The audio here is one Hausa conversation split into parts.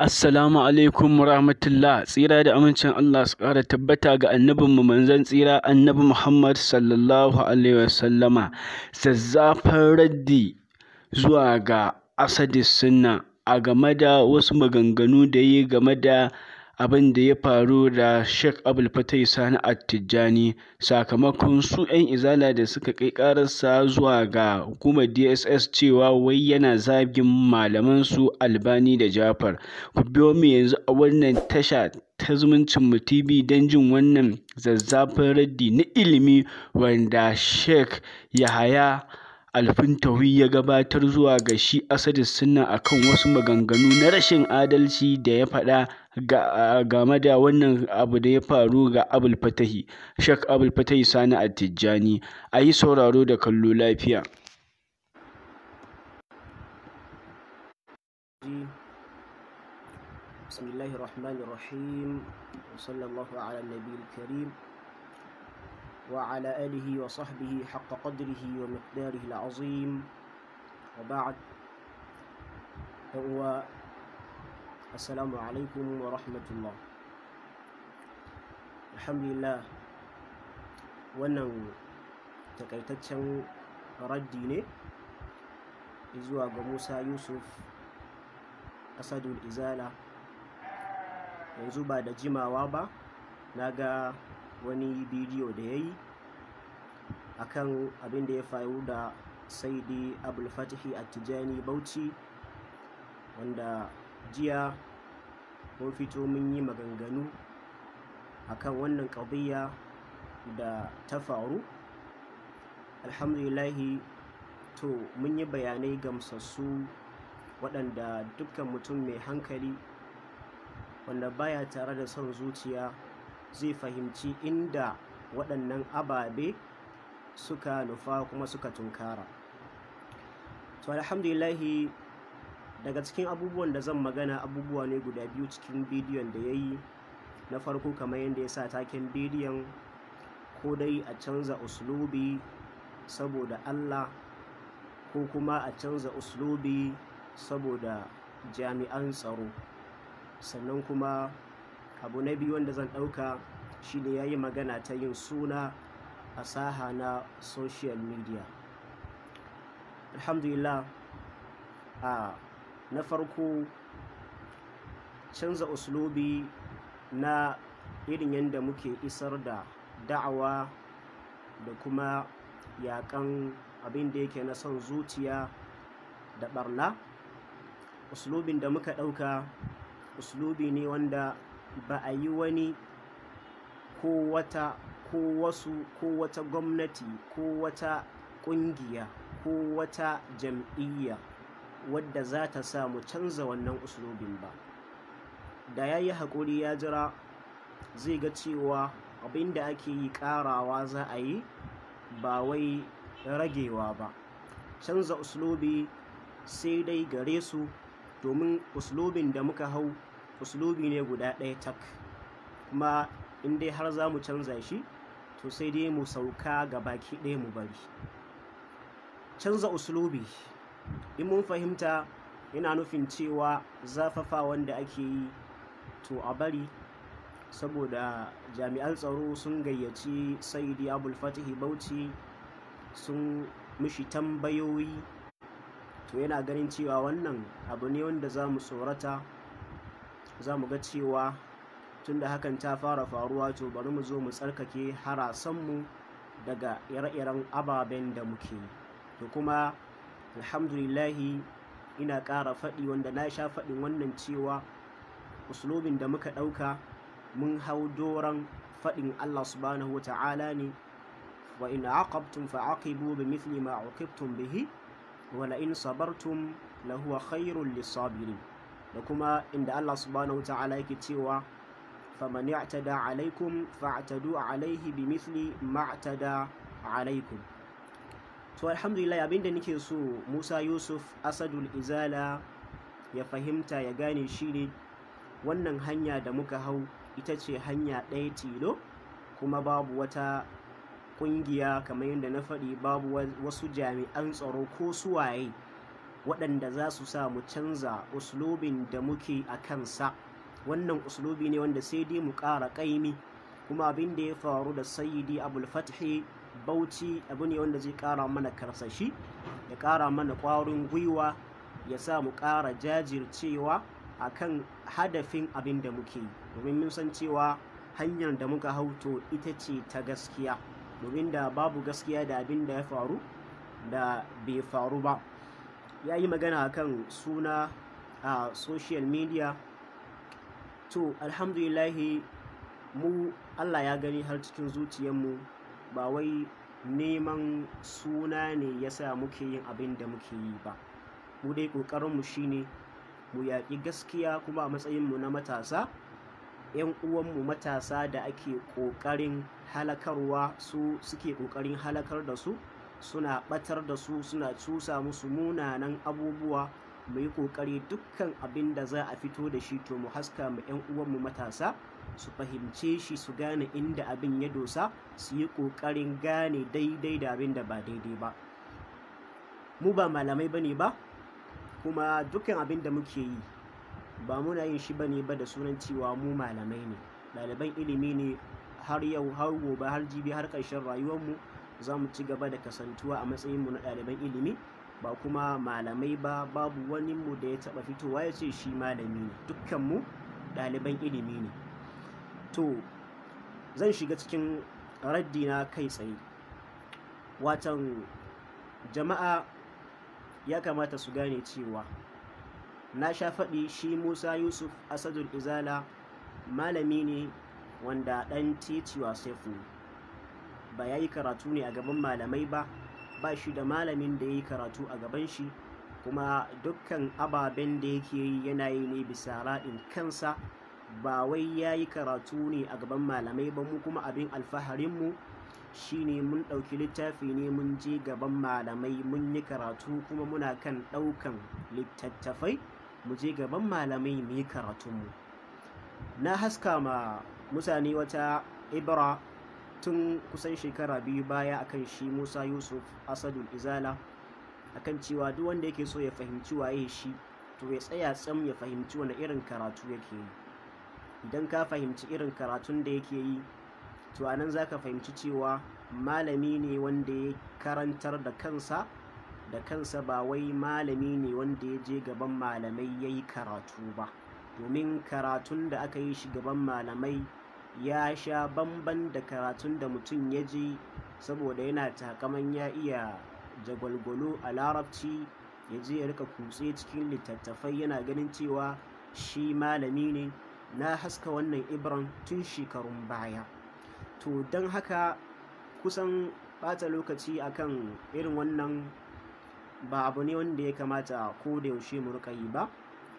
Assalamu alaikum rahmatullah tsira da amincin Allah su ƙara tabbata ga annabinmu manzan tsira annabi Muhammad sallallahu alaihi wasallama zazzafan raddi zuwa ga asadis sunna a game da wasu maganganu da yi game da abin da ya faru da Sheikh Abul Fatai Sani tijjani sakamakon su 'yan izala da suka kai ƙararsa zuwa ga hukumar DSS cewa wai yana zagin malaman su Albani da Jafar. Ku biyo mu yanzu a wannan tasha ta zumuncin mu TV don jin wannan zazzafin raddi na ilimi wanda Sheikh Yahaya alfin Tawi ya gabatar zuwa ga shi Asadis Sunna a kan wasu maganganu na rashin adalci da ya faɗa game da wannan abu da ya faru ga Abul Fatahi, Shak Abul Fatahi Sani Attijani. A yi sauraro da kallo lafiya. وعلى آله وصحبه حق قدره ومقداره العظيم وبعد هو السلام عليكم ورحمة الله الحمد لله wannan takaitaccen raddi ne zuwa ga musa yusuf asadul izala yanzu ba da jimawa ba na ga wani bidiyo da ya yi akan abin da ya faru da saidi abulfatihi a tijani bauchi wanda jiya mun fito mun yi maganganu a kan wannan ƙabiya da ta faru alhamdulillahi to mun yi bayanai gamsassu waɗanda dukkan mutum mai hankali wanda baya tare da son zuciya zai fahimci inda waɗannan ababe suka nufa kuma suka tunkara to alhamdulillahi daga cikin abubuwan da zan magana abubuwa ne guda biyu cikin bidiyon da ya yi na farko kamar yadda ya sa taken bidiyon ko dai a canza uslubi saboda allah ko kuma a canza uslubi saboda jami'an tsaro sannan kuma abu na biyu wanda zan ɗauka ne ya yi magana ta yin suna a saha na social media alhamdulillah a na farko canza uslubi na irin yadda muke isar da da'awa da kuma yakan abin da yake na son zuciya da barna uslubin da muka ɗauka uslubi ne wanda ba a yi wani ko wata ko wasu ko wata gwamnati ko wata ƙungiya ko wata jam'iyya wadda za ta sa mu canza wannan usulobin ba da ya yi haƙuri ya jira zai ga cewa abinda da ake yi ƙarawa za a yi ba wai ragewa ba canza usulobi sai dai gare su domin usulobin da muka hau uslubi ne guda ɗaya tak kuma in dai har za mu canza shi to sai dai mu sauka ga baki ɗaya mu bari canza uslubi in mun fahimta yana nufin cewa zafafa wanda ake yi to a bari saboda jami'an tsaro sun gayyaci saidi abul fatihi bauchi sun mishi tambayoyi to yana ganin cewa wannan abu ne wanda za mu tsorata za mu ga cewa tunda hakan ta fara faruwa to bari mu zo mu tsarkake harasanmu daga ire-iren ababen da muke da kuma alhamdulillahi ina ƙara faɗi wanda na sha faɗin wannan cewa uslubin da muka ɗauka mun hau doron faɗin Allah subhanahu wata'ala ne wa in aqabtum fa aqibu bi mithli ma uqibtum bihi wa la in sabartum la huwa khairul da kuma inda Allah subhanahu wa ta'ala yake cewa faman ya'tada alaikum fa'tadu alaihi bimithli ma'tada alaikum to alhamdulillah abinda nake so Musa Yusuf Asadul Izala ya fahimta ya gane shine wannan hanya da muka hau ita ce hanya ɗaya tilo kuma babu wata ƙungiya kamar yadda na faɗi babu wasu jami'an tsaro ko suwaye waɗanda za su sa mu canza uslubin da muke a kansa wannan uslubi ne wanda sai dai mu ƙara ƙaimi kuma abin da ya faru da sayidi abul bauchi abu ne wanda zai ƙara mana karsashi ya ƙara mana ƙwarin gwiwa ya sa mu ƙara jajircewa a kan hadafin abin da muke domin mun san cewa hanyar da muka hauto ita ce ta gaskiya domin da babu gaskiya da abin da ya faru da bai faru ba ya yi magana kan suna a social media to alhamdulillahi mu allah ya gani har cikin zuciyarmu ba wai neman suna ne ya sa muke yin abin da muke yi ba mu dai ƙoƙarinmu shine mu yaƙi gaskiya kuma a matsayinmu na matasa 'yan uwanmu matasa da ake ƙoƙarin halakarwa su suke ƙoƙarin halakar da su suna batar da su suna cusa musu munanan abubuwa mu yi ƙoƙari dukkan abin da za a fito da shi to mu haska mu 'yan uwanmu matasa su fahimce shi su gane inda abin ya dosa su yi ƙoƙarin gane daidai da abin da ba daidai ba mu ba malamai ba ne ba kuma dukkan abin da muke yi ba muna yin shi ba ne ba da sunan cewa mu malamai ne ɗaliban ilimi ne har yau har gobe har jibi har ƙarshen mu. za mu ci gaba da kasantuwa a matsayinmu na ɗaliban ilimi ba kuma malamai ba babu wani mu da ya taɓa fitowa ya ce shi malami ne dukkanmu ɗaliban ilimi ne to zan shiga cikin raddi na kai tsaye watan jama'a ya kamata su gane cewa na sha faɗi shi musa yusuf asadul izala malami ne wanda ɗan titi wa ne ba ya yi karatu ne a gaban malamai ba ba shi da malamin da ya yi karatu a gaban shi kuma dukkan ababen da yake yi yana yi ne bisa raɗin kansa ba wai ya yi karatu ne a gaban malamai ba mu kuma abin alfaharinmu shi ne mun ɗauki littafi ne mun je gaban malamai mun yi karatu kuma muna kan ɗaukan littattafai mu je gaban malamai mu yi karatunmu na haska ma mutane wata ibra tun kusan shekara biyu baya akan shi musa yusuf asadul izala akan cewa duk wanda yake so ya fahimci waye shi to ya tsaya tsam ya fahimci wani irin karatu yake yi idan ka fahimci irin karatun da yake yi to anan za ka fahimci cewa malami ne wanda ya karantar da kansa da kansa ba wai malami ne wanda ya je gaban malamai ya yi karatu ba domin karatun da aka yi shi gaban malamai ya sha bamban da karatun da mutum ya ji saboda yana takaman ya iya jagwalgwalo a larabci ya je ya rika kutse cikin littattafai yana ganin cewa shi malami ne na haska wannan ibran tun shekarun baya to don haka kusan bata lokaci akan irin wannan ba abu ne wanda ya kamata ko da yaushe mu rika yi ba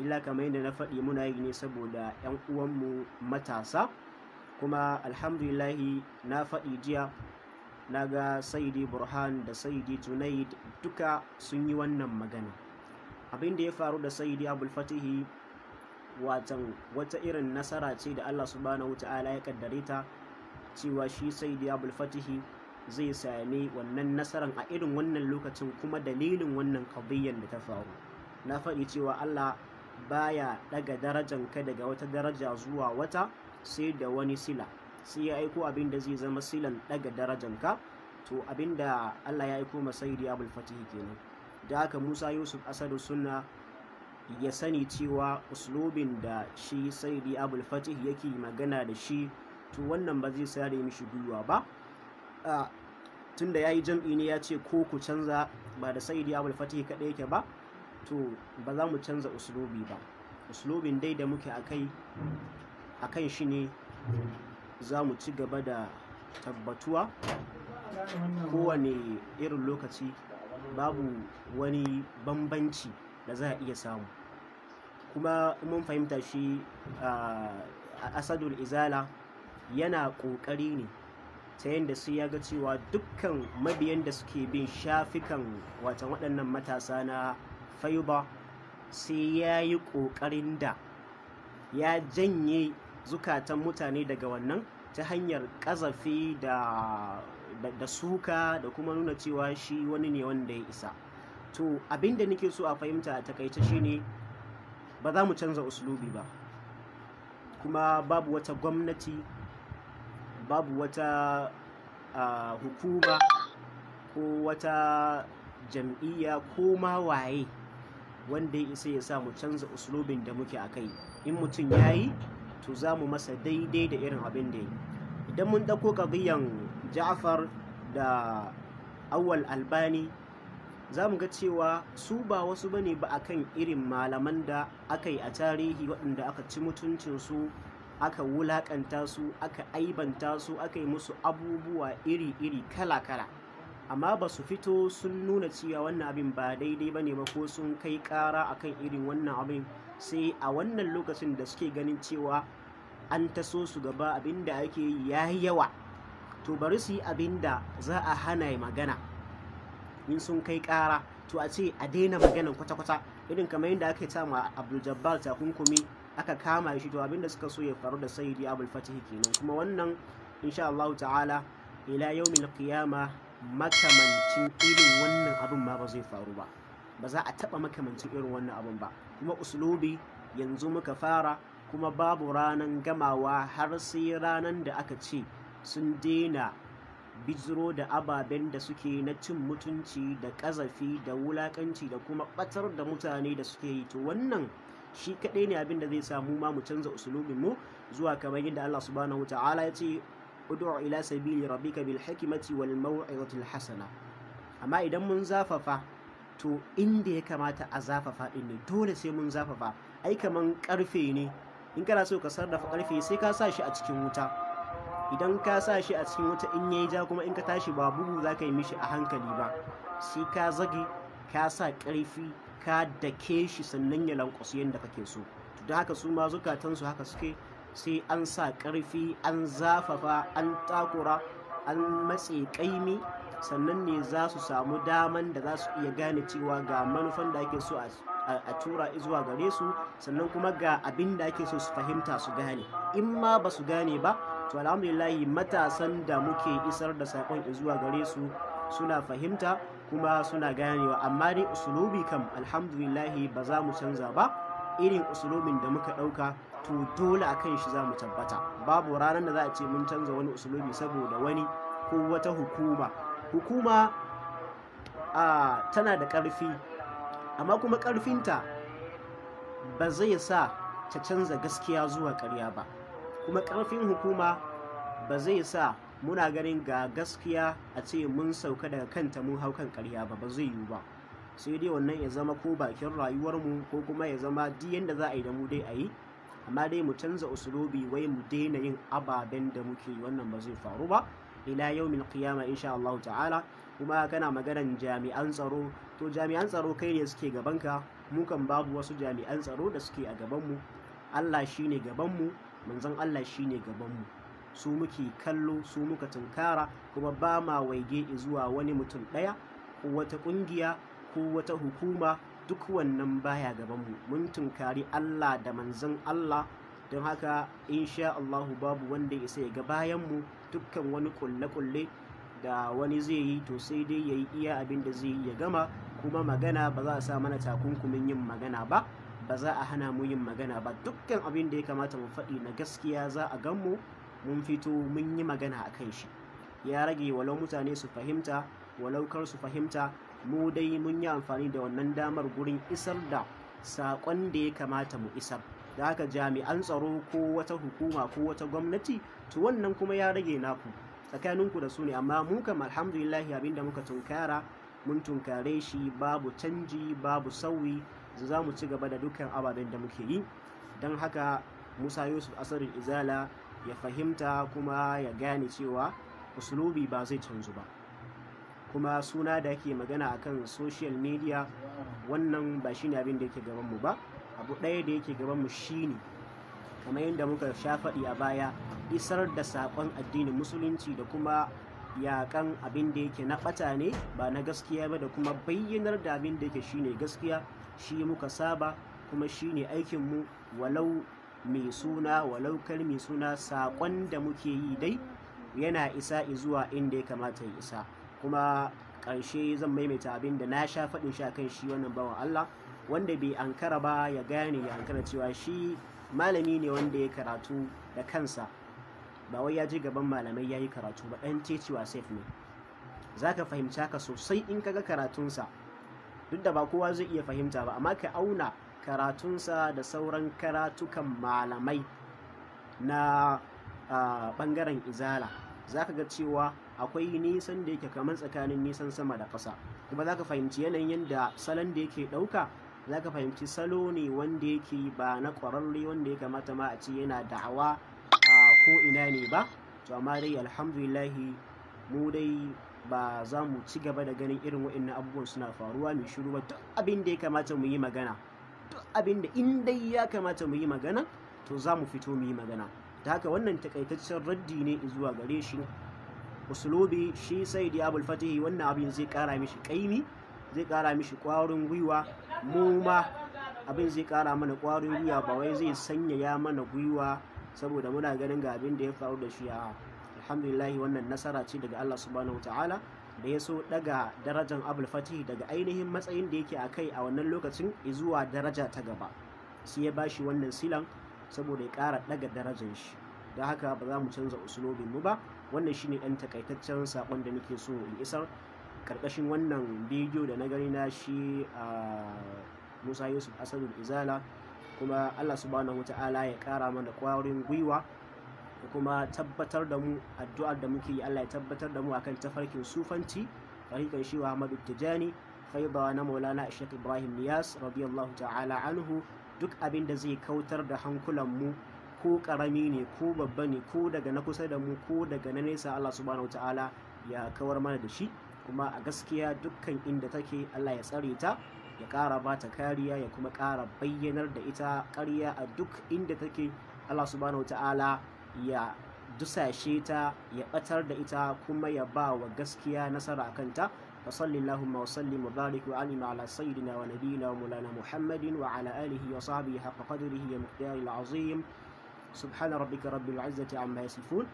illa kamar yadda na faɗi muna yi ne saboda 'yan uwanmu matasa kuma alhamdulillahi na faɗi jiya na ga saidi burhan da saidi junaid duka sun yi wannan magana Abinda ya faru da saidi abulfatihi watan wata irin nasara ce da allah subhanahu ta'ala ya kaddare ta cewa shi saidi abulfatihi zai sami wannan nasaran a irin wannan lokacin kuma dalilin wannan kabiyyar da ta faru na faɗi cewa allah baya ɗaga ka daga wata daraja zuwa wata sai da wani sila sai ya aiko abin da zai zama silan daga ka to abin da Allah ya aiko masaidi abul fatihi kenan da haka Musa Yusuf Asadu sunna ya sani cewa uslubin da shi saidi abul fatihi yake magana da shi to wannan ba zai sare mishi gwiwa ba tunda ya yi jam'i ne ya ce ko ku canza ba da saidi abul fatihi kaɗai yake ba to ba za mu canza uslubi ba uslubin dai da muke a kai a kan shi ne za mu ci gaba da tabbatuwa kowane irin lokaci babu wani bambanci da za a iya samu kuma mun fahimta shi a asadul izala yana ƙoƙari ne ta yadda sai ya ga cewa dukkan mabiyan da suke bin shafikan watan waɗannan matasa na fayuba sai ya yi ƙoƙarin da ya janye zukatan mutane daga wannan ta hanyar ƙazafi da, da, da suka da kuma nuna cewa shi wani ne wanda ya isa to abin da nake so a fahimta a takaice shine ba za mu canza uslubi ba kuma babu wata gwamnati babu wata uh, hukuma ko wata jam'iyya ko ma waye wanda ya isa ya sa mu canza uslubin da muke a kai in mutum ya yi to za mu masa daidai da irin abin da yi idan mun ɗauko ƙabiyan ja'far da awal albani za mu ga cewa su ba wasu bane ba akan irin malaman da aka yi a tarihi waɗanda aka ci mutuncinsu aka wulaƙanta su aka aibanta su aka yi musu abubuwa iri-iri kala-kala amma ba su fito sun nuna cewa wannan abin ba daidai ba ne ba ko sun kai ƙara akan irin wannan abin sai a wannan lokacin da suke ganin cewa an taso su gaba abinda ake yi ya yawa to bari su yi abinda za a hana magana in sun kai kara to a ce a daina magana kwata-kwata irin kamar yadda ake ta ma abdul jabbar takunkumi aka kama shi to abinda suka so ya faru da saidi abul fatihi kenan kuma wannan insha Allah ta'ala ila yaumin qiyama makamancin irin wannan abin ma ba zai faru ba ba za a taɓa makamancin irin wannan abin ba kuma uslubi yanzu muka fara kuma babu ranan gamawa har sai ranan da aka ce sun daina bijiro da ababen da suke na cin mutunci da ƙazafi da wulaƙanci da kuma ɓatar da mutane da suke yi to wannan shi kaɗai ne abin da zai samu ma mu canza usulubin mu zuwa kamar yadda Allah subhanahu ta'ala ya ce ud'u ila sabili rabbika bil hikmati wal maw'izati al hasana amma idan mun zafafa to inda ya kamata a zafafa din ne dole sai mun zafafa ai kaman karfe ne in kana so ka sarrafa karfe sai ka sa shi a cikin wuta idan ka sa shi a cikin wuta in yayi ja kuma in ka tashi ba bugu za ka yi mishi a hankali ba sai ka zage ka sa karfi ka dake shi sannan ya lankwasu yadda kake so to da haka su ma zukatansu haka suke sai an sa karfi an zafafa an takura an matse kaimi sannan ne za su samu daman da za su iya gane cewa ga manufan da ake so a tura zuwa gare su sannan kuma ga abin da ake so su fahimta su gane in ma ba su gane ba to alhamdulillahi matasan da muke isar da sakon zuwa gare su suna fahimta kuma suna ganewa amma dai usulubi kam alhamdulillahi ba za mu canza ba irin usulubin da muka ɗauka to dole a kan shi za mu tabbata babu ranar da za a ce mun canza wani usulubi saboda wani ko wata hukuma hukuma a tana da ƙarfi amma kuma ƙarfinta ba zai sa ta canza gaskiya zuwa ƙarya ba kuma ƙarfin hukuma ba zai sa muna ganin ga gaskiya a ce mun sauka daga kanta mun hau kan ƙarya ba ba zai yiwu ba sai dai wannan ya zama ko bakin rayuwarmu ko kuma ya zama duk yadda za a yi da mu dai a yi amma dai mu canza usulobi wai mu daina yin ababen da muke wannan ba zai faru ba ila min qiyama insha Allah ta'ala kuma kana maganan jami'an tsaro to jami'an tsaro kai ne suke gabanka mu kan babu wasu jami'an tsaro da suke a gabanmu Allah shine gabanmu manzon Allah shine gabanmu su muke kallo su muka tunkara kuma ba ma waige zuwa wani mutum daya ko wata kungiya ko wata hukuma duk wannan baya gabanmu mun tunkari Allah da manzon Allah don haka insha Allahu babu wanda ya isa ya ga mu dukkan wani kulle-kulle da wani zai yi to sai dai ya yi iya abin da zai ya gama kuma magana ba za a sa mana takunkumin yin magana ba ba za a hana mu yin magana ba dukkan abin da ya kamata mu faɗi na gaskiya za a gan mu mun fito mun yi magana a kan shi ya rage walau mutane su fahimta walau kar su fahimta mu dai mun yi amfani da wannan damar gurin isar da saƙon da ya kamata mu isar da haka jami'an tsaro ko wata hukuma ko wata gwamnati to wannan kuma ya rage naku tsakaninku da su ne amma mu kam abin abinda muka tunkara mun tunkare shi babu canji babu sauyi za mu ci gaba da dukkan ababen da muke yi don haka musa yusuf asarin izala ya fahimta kuma ya gane cewa uslubi ba zai canzu ba kuma suna da ke magana a kan social media wannan ba shi ne abin da yake mu ba abu ɗaya da yake mu shine kamar yadda muka sha faɗi a baya isar da sakon addinin musulunci da kuma yaƙan abin da yake na ɓata ne ba na gaskiya ba da kuma bayyanar da abin da yake shine gaskiya shi muka saba kuma shine aikinmu walau mai suna walau mai suna sakon da muke yi dai yana isa zuwa inda ya kamata ya isa kuma ƙarshe zan maimaita abin da na sha faɗin sha kan shi wannan bawan Allah wanda bai ankara ba ya gane ya ankara cewa shi malami ne wanda ya karatu da kansa ba wai ya ji gaban malamai ya yi karatu ba ɗan cewa safe ne za ka fahimci haka sosai in ka ga karatunsa duk da ba kowa zai iya fahimta ba amma ka auna karatunsa da sauran karatukan malamai na ɓangaren izala za ka ga cewa akwai nisan da yake kamar tsakanin nisan sama da ƙasa kuma za ka fahimci yanayin yadda salon da yake ɗauka za ka fahimci salo ne wanda yake ba na ƙwararre wanda ya kamata ma a ce yana da'awa a ko ina ne ba to amma dai alhamdulillah mu dai ba za mu ci gaba da ganin irin waɗannan abubuwan suna faruwa mai shiru ba duk abin da ya kamata mu yi magana duk abin da in dai ya kamata mu yi magana to za mu fito mu yi magana da haka wannan takaitaccen raddi ne zuwa gare shi usulubi shi sai da fatihi wannan abin zai kara mishi kaimi zai kara mishi kwarin gwiwa mu ma abin zai kara mana ƙwarin gwiwa ba wai zai sanyaya mana gwiwa saboda muna ganin ga abin da ya faru da shi a alhamdulillah wannan nasara ce daga Allah subhanahu ta'ala da ya so daga darajar abul fatih daga ainihin matsayin da yake a kai a wannan lokacin zuwa daraja ta gaba sai ya bashi wannan silan saboda ya kara daga darajar shi don haka ba za mu canza usulobin mu ba wannan shine ɗan takaitaccen saƙon da nake so in isar karkashin wannan bidiyo da na gani na shi a musa yusuf asadul izala kuma allah subhanahu wata'ala ya kara mana kwarin gwiwa kuma tabbatar da mu addu'ar da muke yi allah ya tabbatar da mu akan tafarkin sufanci farikan shi wa ahmadu tijani faidawa na maulana ashek ibrahim niyas radiyallahu ta'ala anhu duk abin da zai kautar da hankulan mu ko karami ne ko babba ne ko daga na kusa da mu ko daga na nesa allah subhanahu wata'ala ya kawar mana da shi kuma a gaskiya dukkan inda take Allah ya tsare ta ya ƙara ba ta kariya ya kuma ƙara bayyanar da ita ƙarya a duk inda take Allah subhanahu ta'ala ya dusashe ta ya ɓatar da ita kuma ya ba wa gaskiya nasara a kanta wa salli wa salli mu barik wa alima ala sayyidina wa nabiyina wa mulana muhammadin wa ala alihi wa sahbihi haqqa qadrihi ya miqdari al-azim subhana rabbika rabbil izzati amma yasifun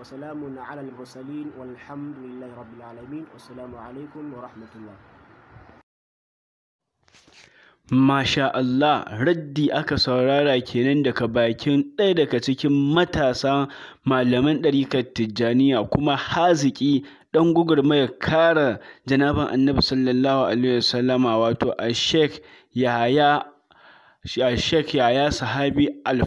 وسلام على المرسلين والحمد لله رب العالمين والسلام عليكم ورحمة الله Masha Allah, raddi aka saurara kenan daga bakin ɗaya daga cikin matasa malaman ɗarikar Tijjaniya kuma haziki ɗan gugurmaya kara janaban annabi sallallahu alaihi wasallama wato a Sheikh Yahaya Sheikh yaya Sahabi al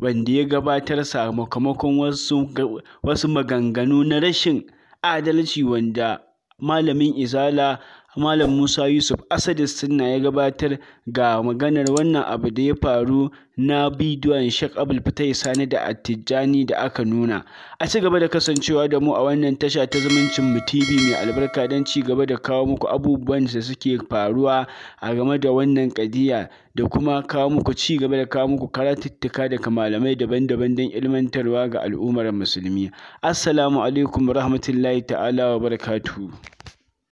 wanda ya gabatar sakamakon wasu maganganu na rashin adalci wanda malamin Izala Malam Musa Yusuf Asadi Sunna ya gabatar ga maganar wannan abu da ya faru na bidiyon Sheikh Abul Fitai Sani da Attijani da aka nuna. A ci gaba da kasancewa da mu a wannan tasha ta zumuncin mu TV mai albarka don ci gaba da kawo muku abubuwan da suke faruwa a game da wannan kadiya da kuma kawo muku ci gaba da kawo muku karatuttuka daga malamai daban-daban don ilmantarwa ga al'ummar musulmi. Assalamu alaikum rahmatullahi ta'ala wa barakatuhu.